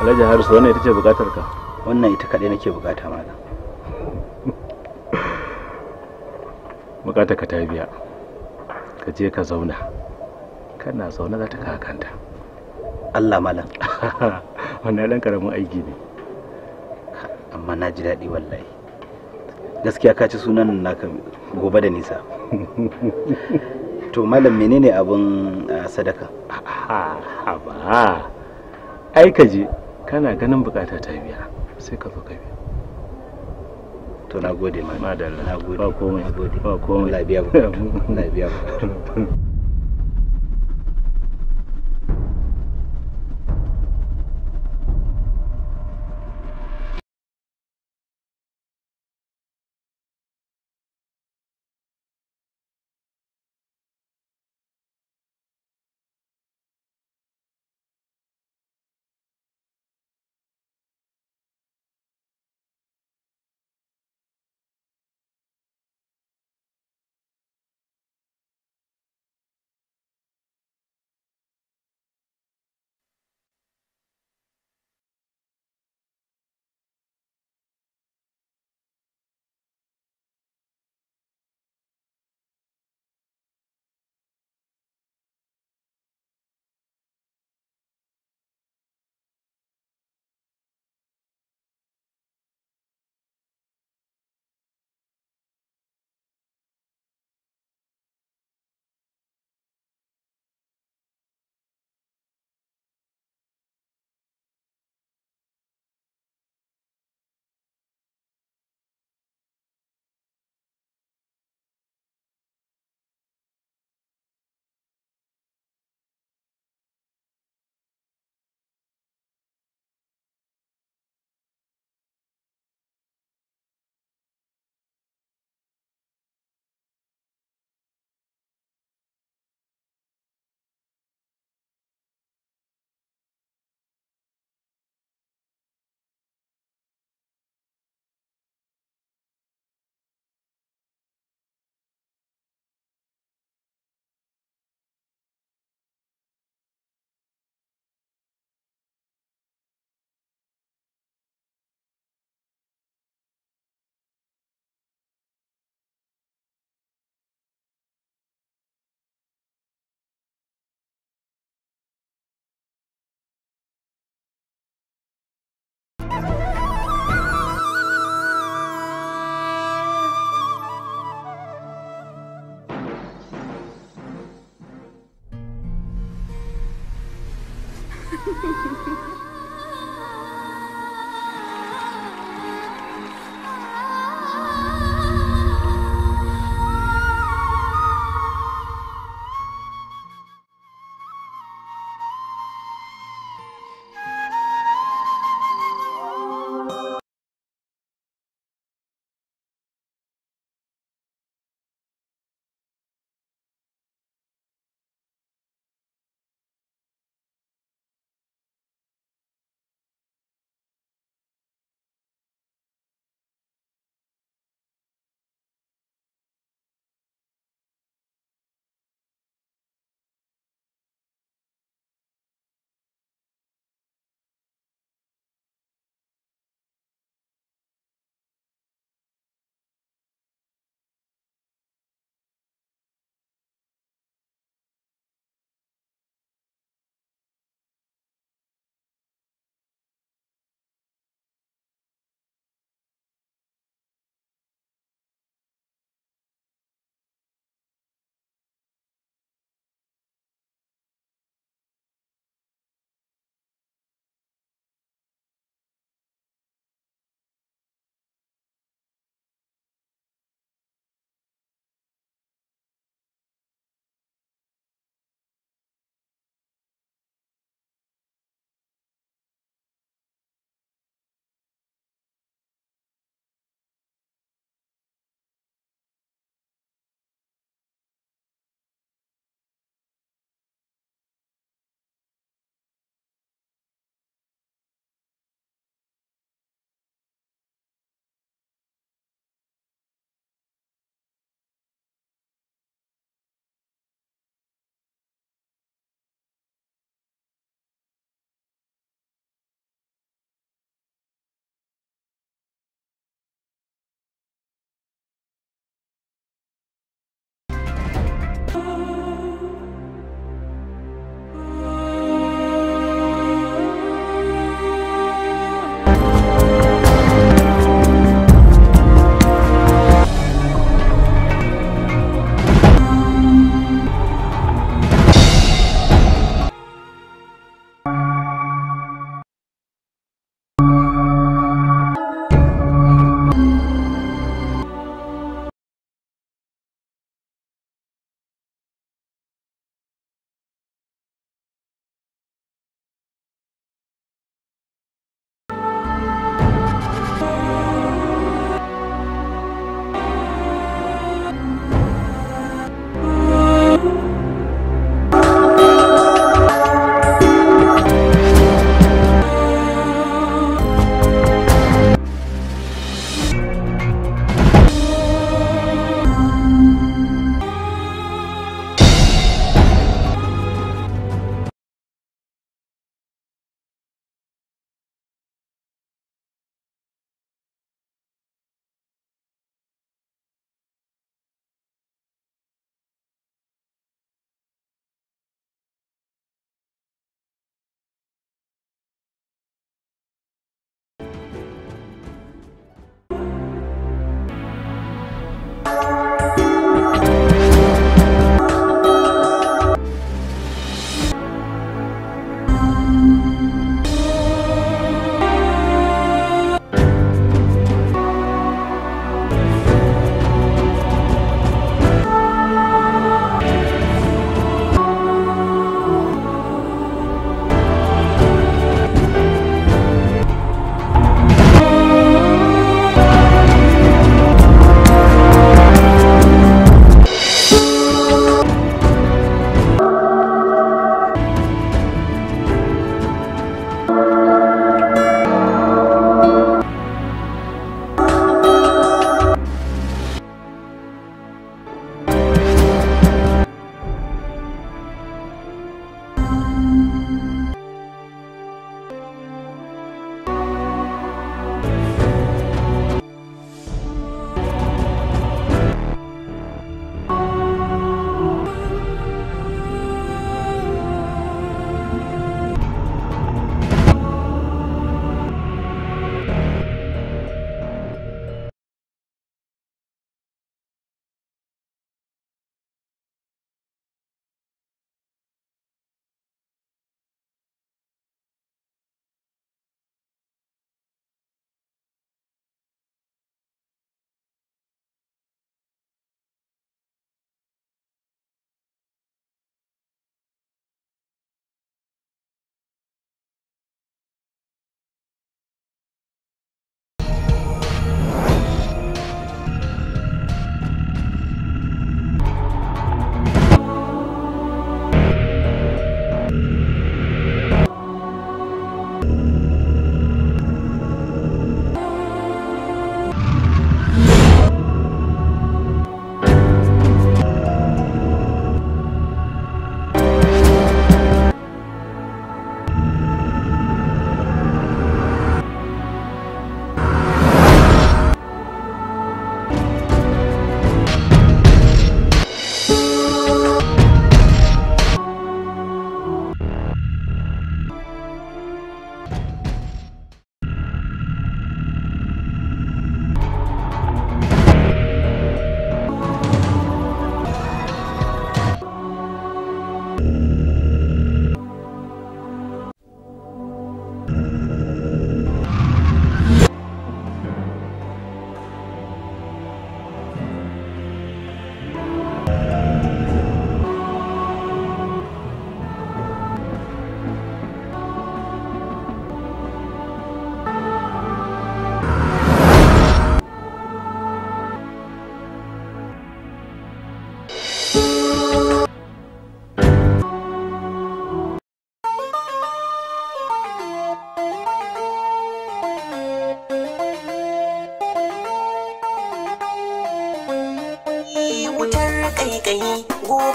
alhaji harisu wannan ita ce bukatar ka wannan ita kaɗai nake bukata malam bukata ka ta biya ka je ka zauna kana zaune za ta kawo kanta allah malam wannan ɗan karamin aiki ne amma na ji daɗi wallahi gaskiya ka ci sunan naka gobe da nisa to malam menene abin ah, sadaka ha ba ai ka je kana ganin bukata ta biya sai ka fi kabi to na gode ma na gode ba komai ba komai labiya ba labiya ba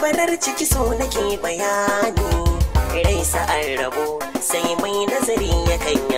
barar ciki so nake bayani rai sa sa'an rabo sai mai nazari ya kanya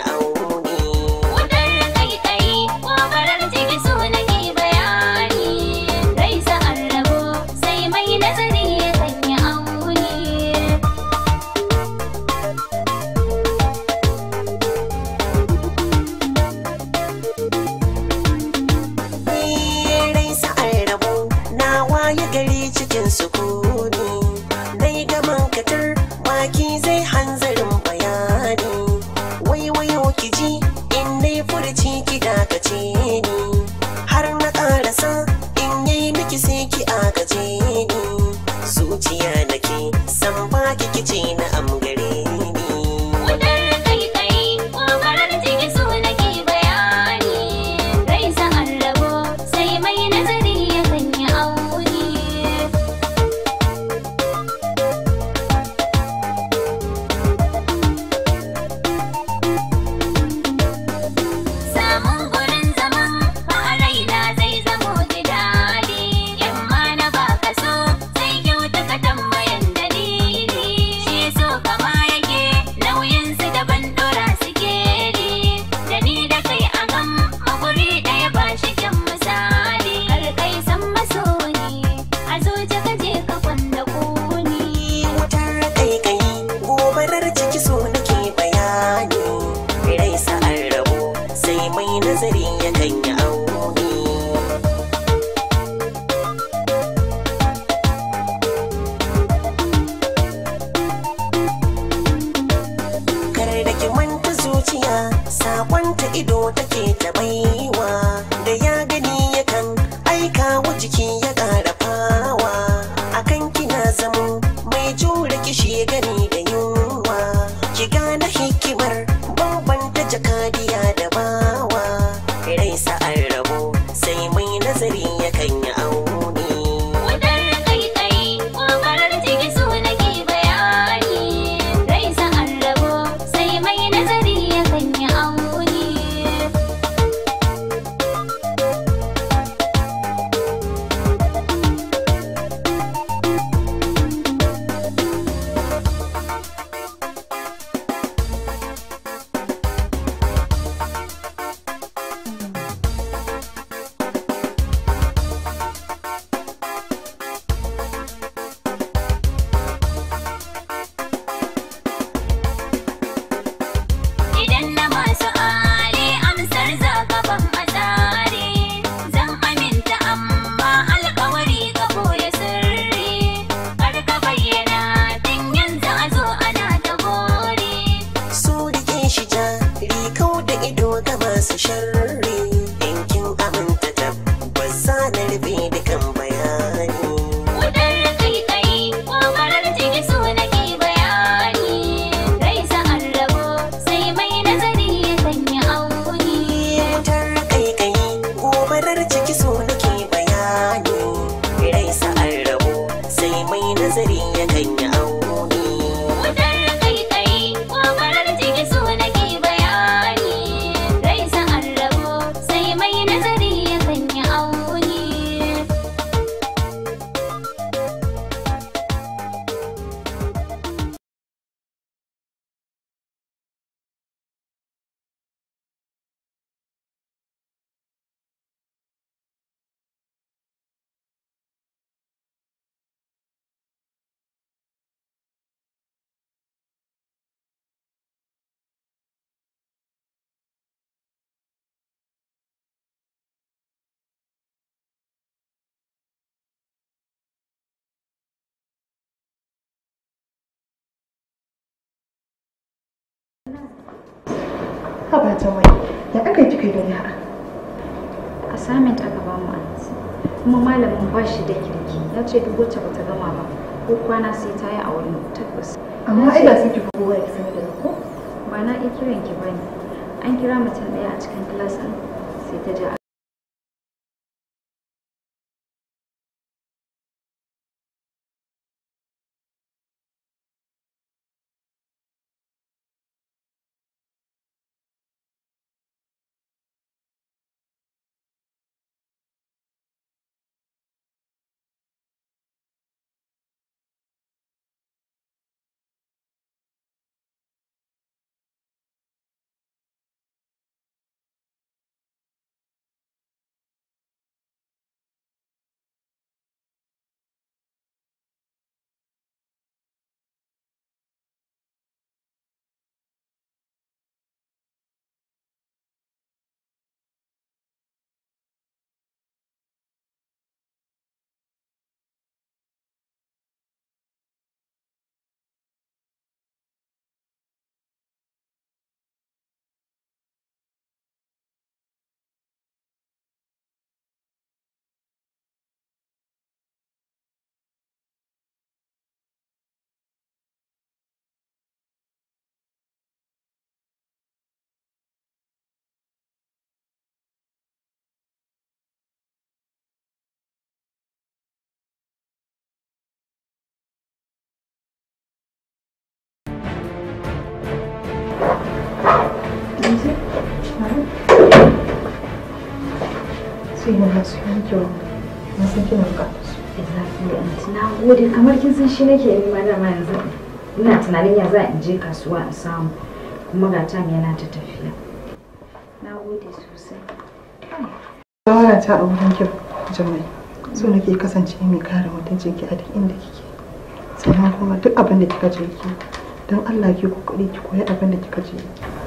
mai nazari yakan yi not living. ha ba ta mai ya aka yi kika gani haka assignment aka ba mu kuma malamin ba shi da kirki ya ce duk wacce ba ta gama ba ko kwana sai ta yi a wani tabbas amma ai ba sai ki kowa ya sani da ko ba na iya kiran ki bane an kira mutum ɗaya a cikin class sai ta ja su na su yanke na san kina bukatar su na gode kamar kin san shi nake yi ma dama yanzu ina tunanin ya za in je kasuwa a samu kuma ga tam yana ta tafiya na gode sosai shawara ta a wurin ki jami'ai so nake kasance mai kare mutuncin ki a duk inda kike sannan kuma duk abin da kika je ki don Allah ki kokari ki koyi abin da kika je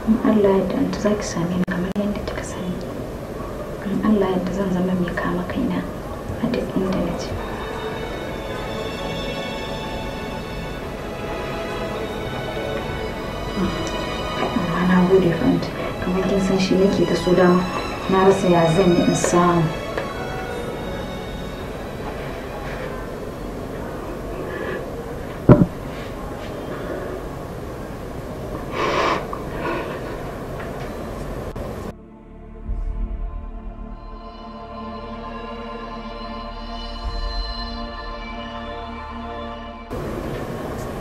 in Allah ya danta za ki same ni kamar yadda kika sani in allah yadda zan zama mai kama kaina a duk inda na je na gode fanta kamar kin san shi nake da su dama na rasa ya zan yi in samu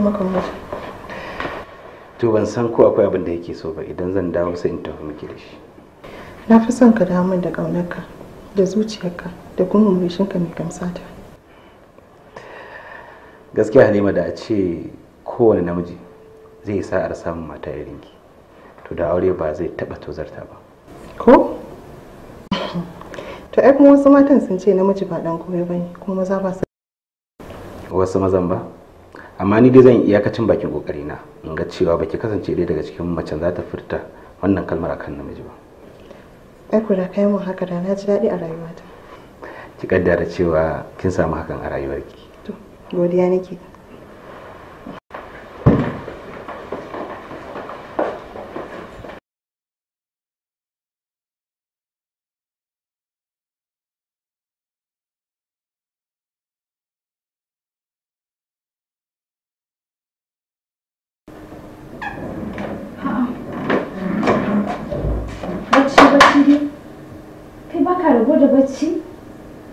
sai maka to ban san ko akwai abin da yake so ba idan zan dawo sai in tafi miki da shi na fi son ka dawo da ƙaunarka da zuciyarka da kuma murmushinka mai gamsata gaskiya halima da a ce kowane namiji zai yi sa'ar samun mata irin ki to da aure ba zai taɓa tozarta ba ko to ai kuma wasu matan sun ce namiji ba dan komai bane kuma maza ba su wasu mazan ba amma ni dai zan iyakacin bakin kokari na in ga cewa baki kasance dai daga cikin macen za ta furta wannan kalmar akan namiji ba ai ku da kai mu haka da na ji daɗi a rayuwata ki kaddara cewa kin samu hakan a rayuwarki to godiya nake bacci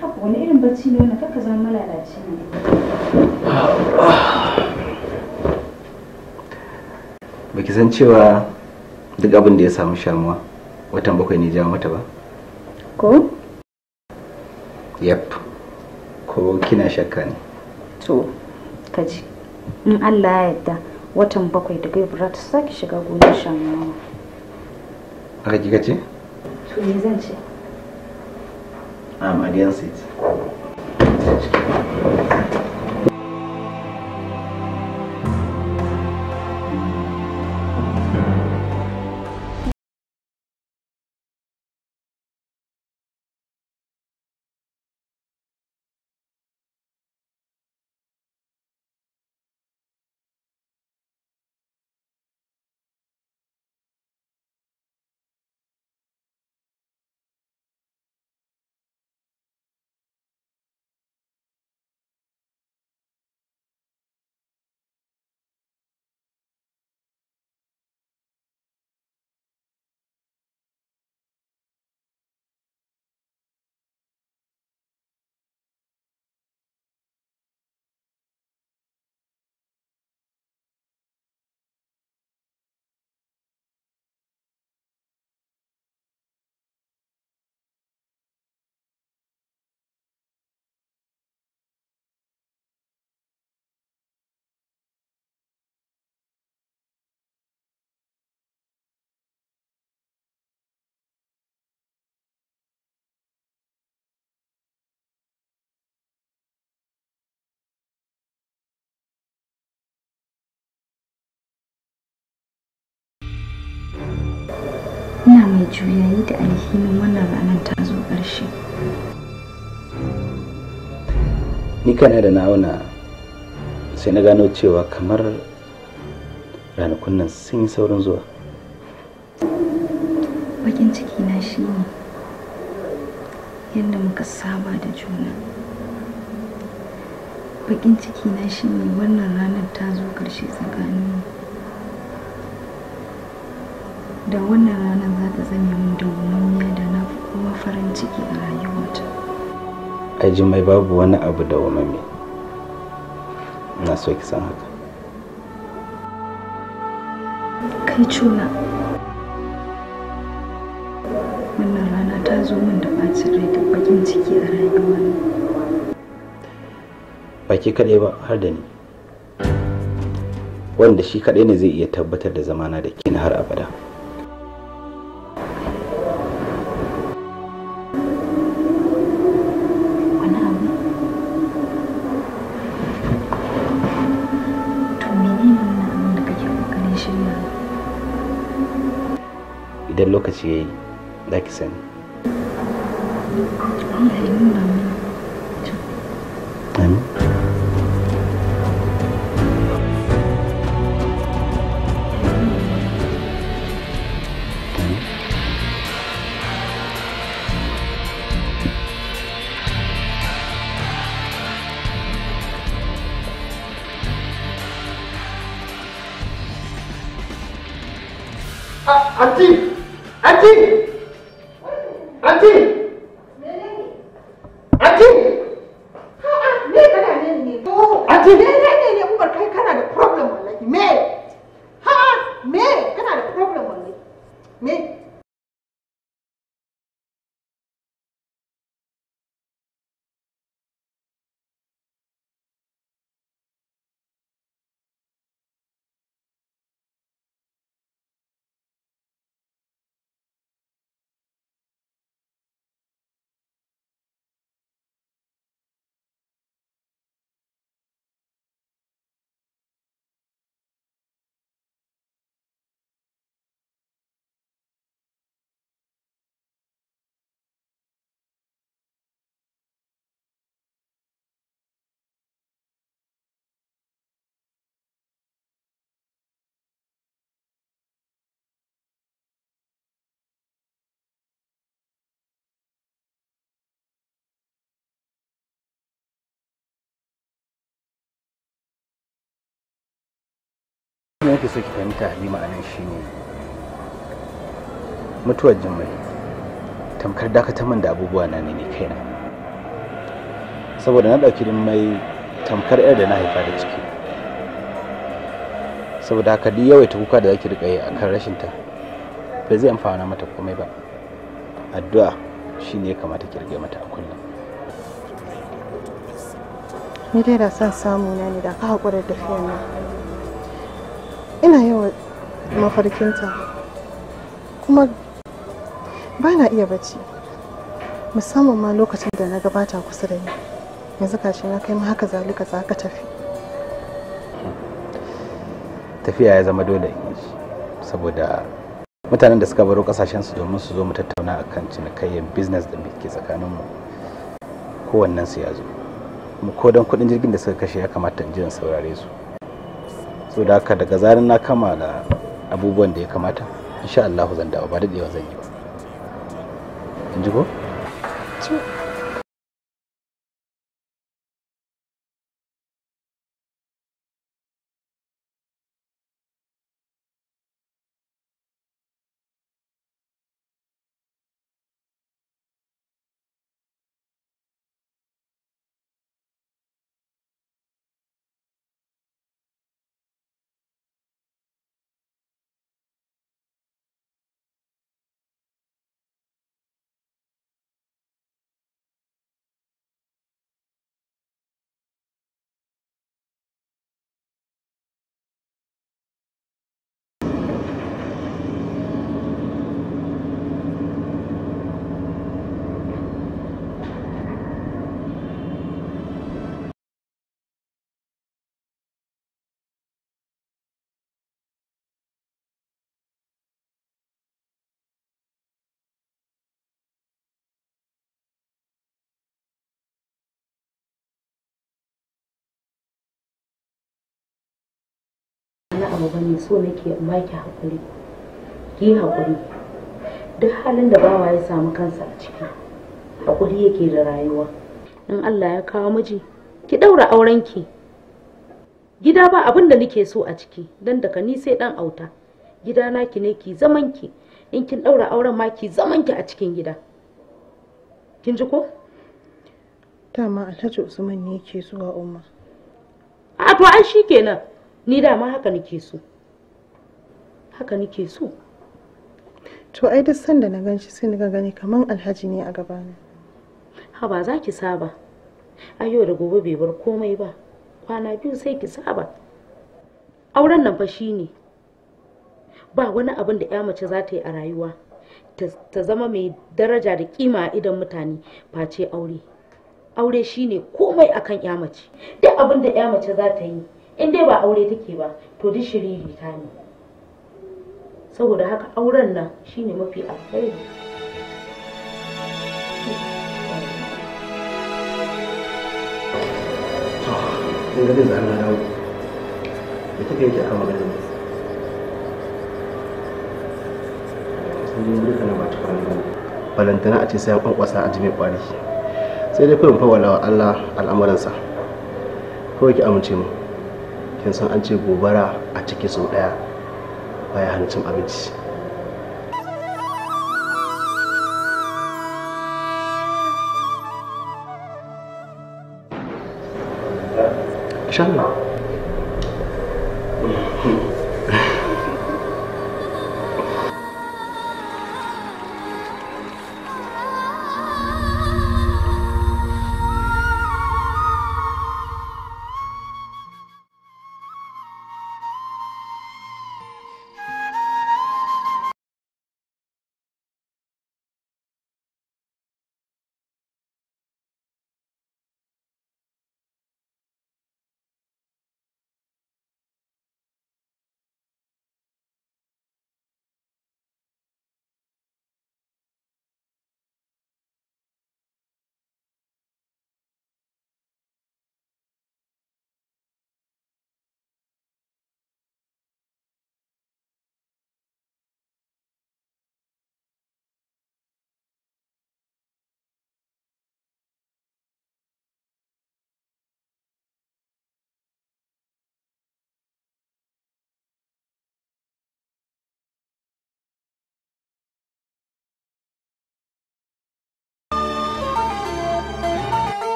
haka wani irin bacci ne wani kaka zama malalaci ne baki san cewa duk abin da ya samu shamuwa watan bakwai ne jawo mata ba ko yep ko kina shakka ne to kaji in allah ya yadda watan bakwai da gaibura ta sake shiga gonar shamuwa a kaji kaji to me zan ce I'm um, against it. mai juyayi da alhinin wannan ranar ta zo ƙarshe ni kana da auna sai na gano cewa kamar ranakun nan sun yi saurin zuwa bakin ciki na shi ne yadda muka saba da juna bakin ciki na shi ne wannan ranar ta zo ƙarshe tsakaninmu da wannan ranar za ta zame min dawwamammiya da na fi kuma farin ciki a rayuwata aji mai babu wani abu da wamami na so ki san haka kai cuna wannan rana ta zo min da ɓacin rai da bakin ciki a rayuwar ba ke kaɗai ba har da ni wanda shi kaɗai ne zai iya tabbatar da zamana da kin har abada. idan lokaci ya yi za ki sani Allah ya nuna mana nake so ki fahimta halima ma'anar shi ne. mutuwar jimmai tamkar dakatar man da abubuwa na ne kaina saboda na ɗauki mai tamkar yar da na haifa da ciki saboda haka duk yawaita kuka da zaki rika yi akan rashin ta ba zai amfana mata komai ba addu'a shi ne ya kamata ki rike mata a kullum ni dai da son samu na ne da ka haƙura da fiye ina yawan mafarkinta kuma ba na iya bacci musamman ma lokacin da na gabata kusa da ni yanzu kashi na kai ma haka zalika za ka tafi tafiya ya zama dole saboda mutanen da suka baro kasashen su domin su zo mu tattauna akan cinikayyar business da muke tsakaninmu wannan su ya zo ko don kudin jirgin da suka kashe ya kamata in ji in saurare su so da haka daga zarin na kama da abubuwan da ya kamata insha Allah zan dawo ba da daɗewa zan yi ba in ji ko? abu ba ne so nake in baki haƙuri ki haƙuri duk halin da bawa ya samu kansa a ciki haƙuri yake da rayuwa in Allah ya kawo miji ki ɗaura aurenki gida ba abin da nake so a ciki don daga ni sai ɗan auta gida naki ne ki zaman ki, in kin ɗaura auren ma ki zaman ki a cikin gida kin ji ko dama alhaji usman ne yake zuwa umma a to ai shikenan ni dama haka nake so haka nake so to ai duk sanda na ganshi sai na gani kaman alhaji ne a gabana ha ba za ki saba ai yau da gobe bai bar komai ba kwana biyu sai ki saba auren nan fa shine ba wani abin da ya mace za ta yi a rayuwa ta zama mai daraja da kima a idan mutane face aure aure shine komai akan ya mace duk abin da ya mace za ta yi in dai ba aure take ba to duk shiriri ta ne saboda haka auren nan shine mafi alkhairi in ga zai da dawo da take yake aka magana ne sun yi duka na bata kwani ba balantana a ce sai an kwankwasa a jimi kwari sai dai kurin fawala wa Allah al'amuransa kawai ki amince mu kin san an ce gobara a ciki sau ɗaya baya hana cin abinci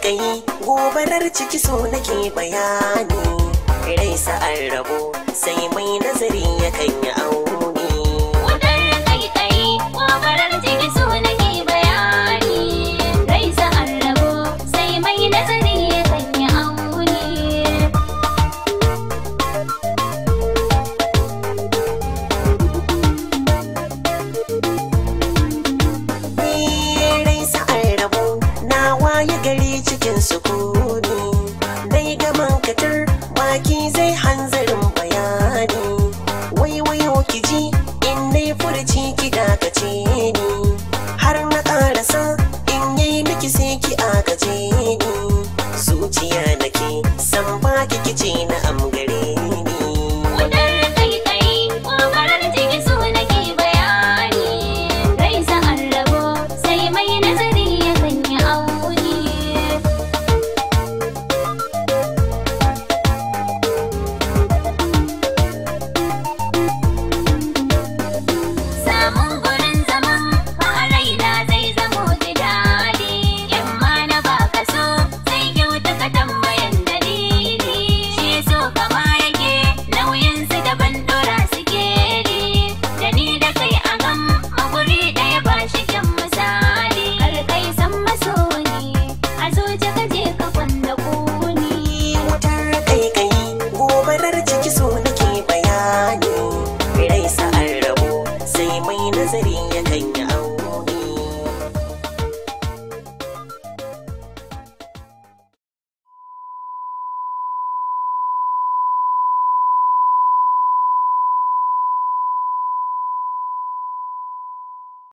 kai gobarar ciki so nake bayani rai sa sa'ar rabo sai mai nazari yakan yi aure